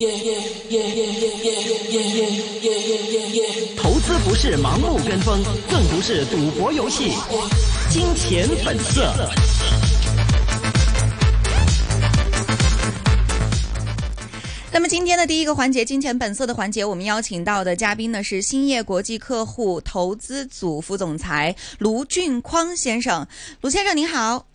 耶耶耶耶耶耶耶耶耶耶，投資不是盲目跟風，更不是賭博遊戲。金錢本色。那麼今天的第一個環節“金錢本色”的環節，我們邀請到的嘉賓呢是興業國際客戶投資組副總裁盧駿匡先生。盧先生您好。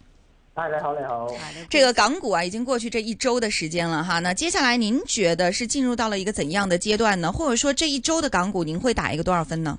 大家好，你好。這個港股啊，已經過去這一周嘅時間了哈、啊。那接下來您覺得是進入到了一個怎樣嘅階段呢？或者說這一周嘅港股，您會打一個多少分呢？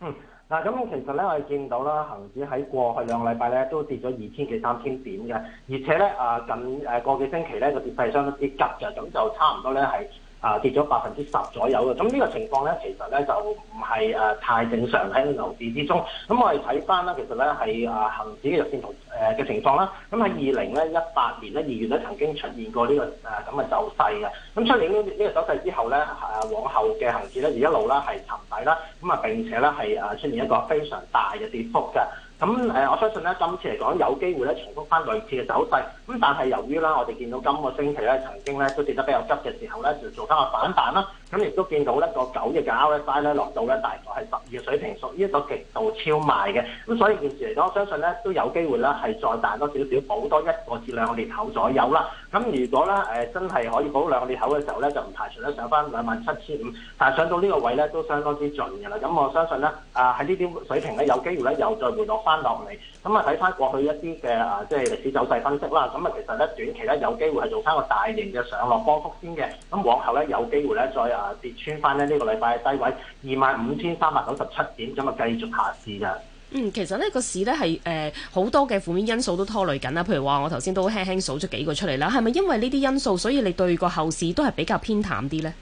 嗯，嗱，咁其實咧，我哋見到啦，恒指喺過去兩禮拜咧都跌咗二千幾三千點嘅，而且咧啊近誒個幾星期咧個跌勢相當之急嘅，咁就差唔多咧係。啊，跌咗百分之十左右嘅，咁、嗯、呢、呢個情況咧，其實咧就唔係誒太正常喺牛市之中。咁、嗯、我哋睇翻啦，其實咧係誒恆指嘅線圖誒嘅情況啦。咁喺二零咧一八年咧二月咧曾經出現過呢、呢個誒咁嘅走勢嘅。咁、呃嗯、出現呢呢個走勢之後咧誒、啊、往後嘅恆指咧而一路咧係沉底啦。咁、嗯、啊並且咧係誒出現一個非常大嘅跌幅嘅。咁誒，我相信咧，今次嚟講有機會咧，重複翻類似嘅走勢。咁但係由於啦，我哋見到今個星期咧，曾經咧都跌得比較急嘅時候咧，就做翻個反彈啦。咁亦、嗯、都見到、SI、呢個九月嘅 RSI 咧落到咧大概係十二嘅水平，屬於一個極度超賣嘅。咁所以現時嚟講，我相信咧都有機會咧係再彈多少少，補多一個至兩個裂口左右啦。咁如果咧誒、呃、真係可以補兩個裂口嘅時候咧，就唔排除咧上翻兩萬七千五，但係上到呢個位咧都相當之盡嘅啦。咁我相信咧啊喺呢啲、呃、水平咧有機會咧又再回落翻落嚟。咁啊睇翻過去一啲嘅啊即係歷史走勢分析啦。咁啊其實咧短期咧有機會係做翻個大型嘅上落波幅先嘅。咁往後咧有機會咧再，跌穿翻呢個禮拜嘅低位二萬五千三百九十七點，咁啊繼續下市啊。嗯，其實呢、呢個市呢，係誒好多嘅負面因素都拖累緊啦。譬如話，我頭先都輕輕數咗幾個出嚟啦。係咪因為呢啲因素，所以你對個後市都係比較偏淡啲呢？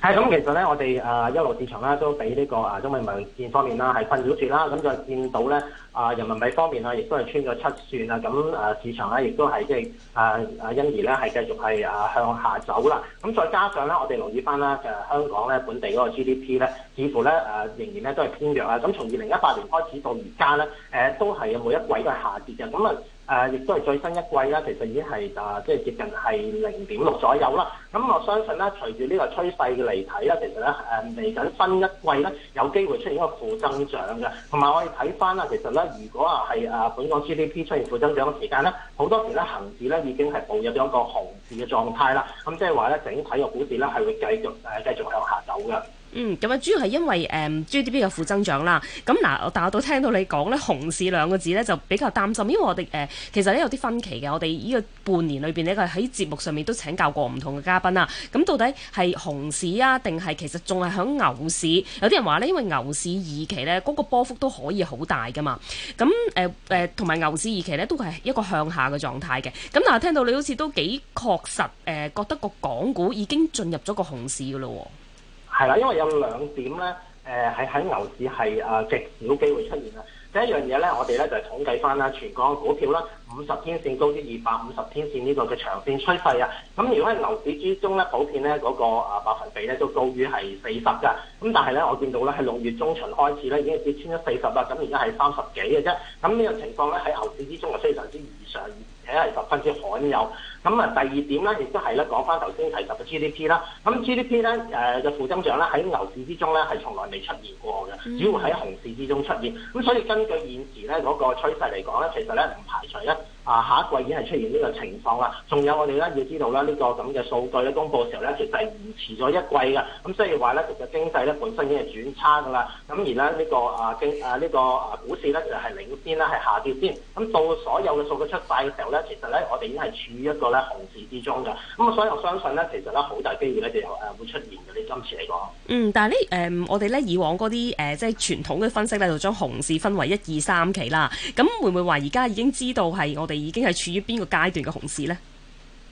係咁，其實咧，我哋啊一路市場啦，都俾呢個啊中美貿易方面啦係困擾住啦，咁就見到咧啊人民幣方面啊，亦都係穿咗七算啊，咁啊市場咧亦都係即係啊啊因而咧係繼續係啊向下走啦。咁再加上咧，我哋留意翻咧，誒香港咧本地嗰個 GDP 咧，似乎咧誒仍然咧都係偏弱啊。咁從二零一八年開始到而家咧，誒都係每一季都係下跌嘅，咁啊。誒、啊，亦都係最新一季啦，其實已經係啊，即係接近係零點六左右啦。咁我相信咧，隨住呢個趨勢嚟睇啦，其實咧誒嚟緊新一季咧，有機會出現一個負增長嘅。同埋我哋睇翻啦，其實咧，如果啊係啊本港 GDP 出現負增長嘅時間咧，好多時咧行市咧已經係步入咗一個熊市嘅狀態啦。咁即係話咧，整體嘅股市咧係會繼續誒繼、啊、續向下走嘅。嗯，咁啊，主要係因為誒 GDP 嘅負增長啦。咁嗱，大家都聽到你講咧，熊市兩個字咧就比較擔心，因為我哋誒、呃、其實咧有啲分歧嘅。我哋呢個半年裏邊呢，佢喺節目上面都請教過唔同嘅嘉賓啊。咁到底係熊市啊，定係其實仲係響牛市？有啲人話咧，因為牛市二期咧，嗰、那個波幅都可以好大噶嘛。咁誒誒，同、呃、埋牛市二期咧都係一個向下嘅狀態嘅。咁但係聽到你好似都幾確實誒、呃，覺得個港股已經進入咗個熊市噶咯喎。係啦，因為有兩點咧，誒係喺牛市係啊極少機會出現啊。第一樣嘢咧，我哋咧就係、是、統計返啦，全港嘅股票啦，五十天線高於二百五十天線呢個嘅長線趨勢啊。咁、嗯、如果喺牛市之中咧，普遍咧嗰、那個啊百分比咧都高於係四十㗎。咁、嗯、但係咧，我見到咧係六月中旬開始咧已經跌穿咗四十啦。咁而家係三十幾嘅啫。咁、嗯、呢個情況咧喺牛市之中係非常之異常。係十分之罕有，咁啊第二點咧，亦都係咧講翻頭先提及嘅 GDP 啦。咁 GDP 咧誒嘅負增長咧，喺牛市之中咧係從來未出現過嘅，主要喺熊市之中出現。咁所以根據現時咧嗰個趨勢嚟講咧，其實咧唔排除咧。啊，下一季已經係出現呢個情況啦。仲有我哋咧，要知道咧，呢個咁嘅數據咧公佈嘅時候咧，其實延遲咗一季㗎。咁、嗯、所以話咧，其實經濟咧本身已經係轉差噶啦。咁、嗯、而咧、這、呢個啊經啊呢個啊股市咧就係領先啦，係下跌先。咁到所有嘅數據出曬嘅時候咧，其實咧我哋已經係處於一個咧熊市之中㗎。咁、嗯、所以我相信咧，其實咧好大機會咧就誒、呃、會出現嘅。你今次嚟講，嗯，但係、呃、呢誒我哋咧以往嗰啲誒即係傳統嘅分析咧，就將熊市分為一二三期啦。咁會唔會話而家已經知道係我哋？已經係處於邊個階段嘅熊市咧？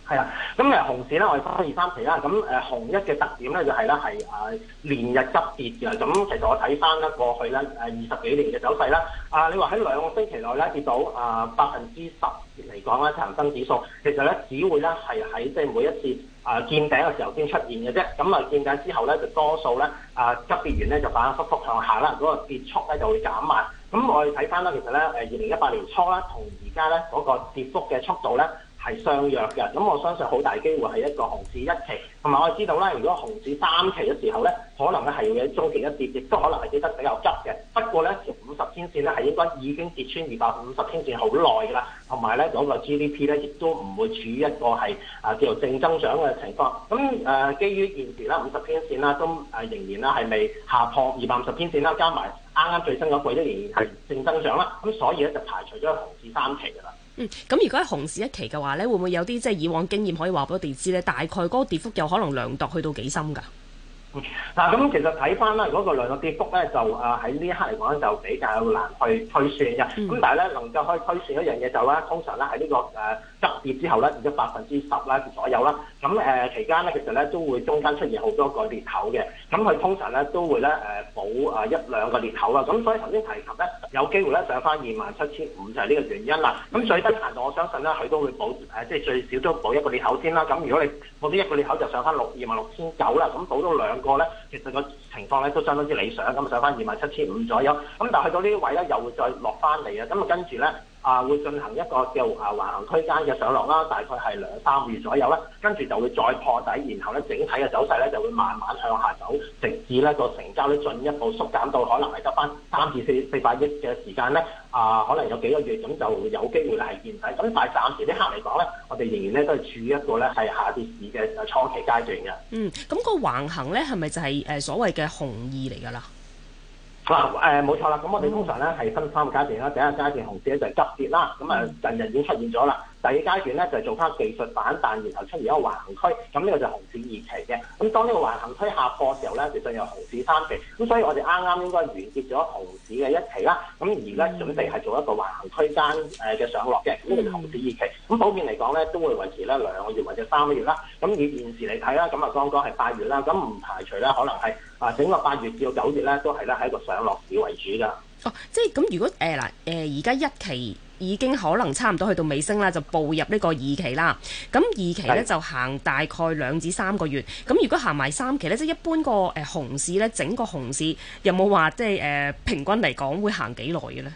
係啊，咁誒熊市咧，我哋分二三期啦。咁誒熊一嘅特點咧，就係咧係誒連日急跌嘅。咁其實我睇翻咧過去咧誒二十幾年嘅走勢啦，啊你話喺兩個星期內咧跌到啊百分之十嚟講咧，恒生指數其實咧只會咧係喺即係每一次誒見頂嘅時候先出現嘅啫。咁啊見頂之後咧，就多數咧啊急跌完咧，就反覆向下啦。嗰個跌速咧就會減慢。咁我哋睇翻啦，其實咧誒二零一八年初啦。同家咧嗰個跌幅嘅速度咧係相若嘅，咁我相信好大機會係一個熊市一期，同埋我哋知道咧，如果熊市三期嘅時候咧，可能咧係要喺中期一跌，亦都可能係跌得比較急嘅。不過咧，條五十天線咧係應該已經跌穿二百五十天線好耐噶啦，同埋咧嗰個 GDP 咧亦都唔會處於一個係啊叫做正增長嘅情況。咁誒、啊，基於現時咧五十天線啦，都誒仍然啦係未下破二百五十天線啦，加埋，啱啱最新嗰季一年係正增長啦，咁所以咧就排除咗熊市三期噶啦。嗯，咁如果係熊市一期嘅話咧，會唔會有啲即係以往經驗可以話俾我哋知咧？大概嗰個跌幅有可能量度去到幾深㗎？嗱、嗯，咁其實睇翻啦，嗰個量度跌幅咧，就誒喺呢一刻嚟講就比較難去推算嘅。咁、嗯、但係咧能夠可以推算一樣嘢就咧，通常咧喺呢個誒。呃突破之後咧，跌咗百分之十啦，左右啦。咁誒期間咧，其實咧都會中間出現好多個裂口嘅。咁佢通常咧都會咧誒補啊一兩個裂口噶。咁所以頭先提及咧有機會咧上翻二萬七千五就係呢個原因啦。咁最低限度我相信咧佢都會補誒，即係最少都補一個裂口先啦。咁如果你嗰呢一個裂口就上翻六二萬六千九啦，咁補到兩個咧，其實個情況咧都相當之理想，咁上翻二萬七千五左右。咁但係去到位呢位咧又會再落翻嚟啊！咁啊跟住咧。啊，會進行一個嘅啊橫行區間嘅上落啦，大概係兩三個月左右啦，跟住就會再破底，然後咧整體嘅走勢咧就會慢慢向下走，直至咧個成交咧進一步縮減到可能係得返三至四四百億嘅時間咧，啊可能有幾個月，咁就有機會係見底。咁但係暫時呢刻嚟講咧，我哋仍然咧都係處於一個咧係下跌市嘅初期階段嘅。嗯，咁個橫行咧係咪就係誒所謂嘅熊二嚟㗎啦？嗱，誒、嗯，冇錯啦，咁我哋通常咧係分三個階段啦，第一階段紅色咧就係急跌啦，咁啊，近日已經出現咗啦。第二階段咧就係、是、做翻技術反彈，但然後出現一個橫行區，咁呢個就熊市二期嘅。咁當呢個橫行區下破嘅時候咧，就進入熊市三期。咁所以我哋啱啱應該完結咗熊市嘅一期啦。咁而家準備係做一個橫行區間誒嘅上落嘅，呢個就熊市二期。咁普遍嚟講咧，都會維持咧兩個月或者三個月啦。咁以現時嚟睇啦，咁啊剛剛係八月啦，咁唔排除咧可能係啊整個八月至到九月咧都係咧喺一個上落市為主㗎。哦、啊，即係咁如果誒嗱誒而家一期，已經可能差唔多去到尾聲啦，就步入呢個二期啦。咁二期呢，是的 就行大概兩至三個月。咁如果行埋三期呢，即係一般個誒熊市呢，整個熊市有冇話即係誒平均嚟講會行幾耐嘅呢？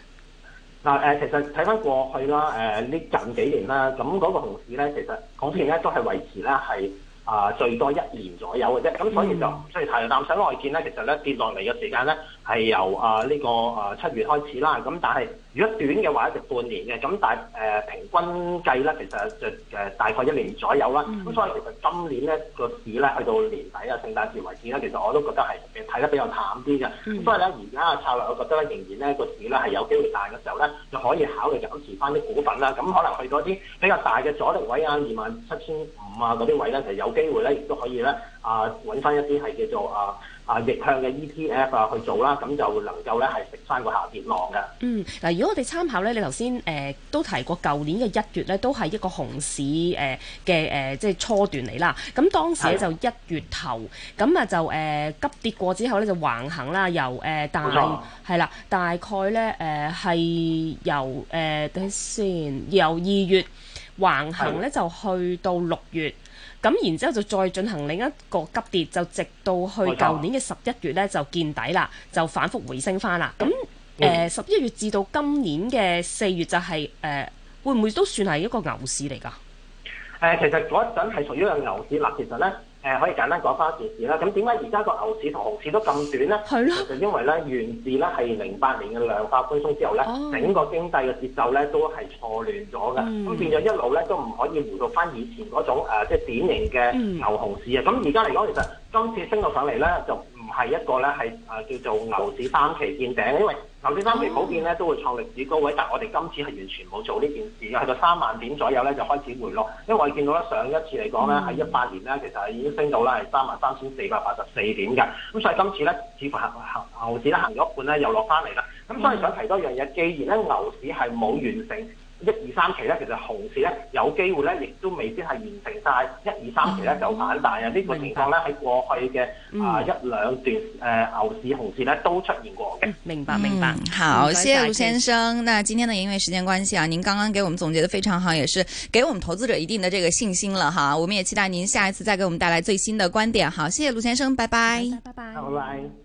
嗱誒，其實睇翻過去啦，誒呢近幾年啦，咁、那、嗰個熊市呢，其實講真呢都係維持呢係啊最多一年左右嘅啫。咁、嗯、所以就即係談上內建呢，其實呢跌落嚟嘅時間呢，係由啊呢個啊七月開始啦。咁但係。如果短嘅話一直半年嘅，咁但係誒平均計咧，其實就誒、呃、大概一年左右啦。咁、嗯、所以其實今年咧個市咧去到年底啊聖誕節為止咧，其實我都覺得係睇得比較淡啲嘅。咁、嗯、所以咧而家策略，我覺得呢仍然咧個市咧係有機會大嘅時候咧，就可以考慮暫時翻啲股份啦。咁可能去嗰啲比較大嘅阻力位啊，二萬七千五啊嗰啲位咧，其實有機會咧亦都可以咧啊揾翻一啲係叫做啊。啊，逆向嘅 ETF 啊，去做啦，咁就能夠咧係食翻個下跌浪嘅。嗯，嗱，如果我哋參考咧，你頭先誒都提過，舊年嘅一月咧都係一個熊市誒嘅誒，即係初段嚟啦。咁當時咧的就一月頭，咁啊就誒、呃、急跌過之後咧就橫行啦，由誒、呃、大係啦的，大概咧誒係由誒、呃、等先，由二月橫行咧的就去到六月。咁然之後就再進行另一個急跌，就直到去舊年嘅十一月咧就見底啦，就反覆回升返啦。咁誒十一月至到今年嘅四月就係、是、誒、呃，會唔會都算係一個牛市嚟㗎？誒、呃，其實嗰一陣係屬於一個牛市啦、呃。其實咧。誒、呃、可以簡單講翻一件事啦。咁點解而家個牛市、同熊市都咁短咧？係咯的。其實因為咧，源自咧係零八年嘅量化寬鬆之後咧，oh. 整個經濟嘅節奏咧都係錯亂咗嘅，咁、mm. 變咗一路咧都唔可以回到翻以前嗰種、呃、即係典型嘅牛熊市啊。咁而家嚟講，其實今次升到上嚟咧就。係一個咧係誒叫做牛市三期見頂，因為牛市三期普遍咧都會創歷史高位，但係我哋今次係完全冇做呢件事㗎，去到三萬點左右咧就開始回落，因為我哋見到咧上一次嚟講咧喺一八年咧其實係已經升到啦係三萬三千四百八十四點㗎，咁所以今次咧似乎行行牛市咧行咗一半咧又落翻嚟啦，咁所以想提多一樣嘢，既然咧牛市係冇完成。一二三期呢，其實熊市呢，有機會呢，亦都未必係完成晒。一二三期呢，就反彈啊、哦！呢個情況呢，喺過去嘅啊一兩、嗯、段誒牛市、熊市呢，都出現過嘅、嗯。明白，明白。好，嗯、謝謝盧先生。那今天的因為時間關係啊，您剛剛給我們總結得非常好，也是給我們投資者一定的這個信心了哈。我們也期待您下一次再給我們帶來最新的觀點。好，謝謝盧先生，拜拜，拜拜。拜拜，拜拜。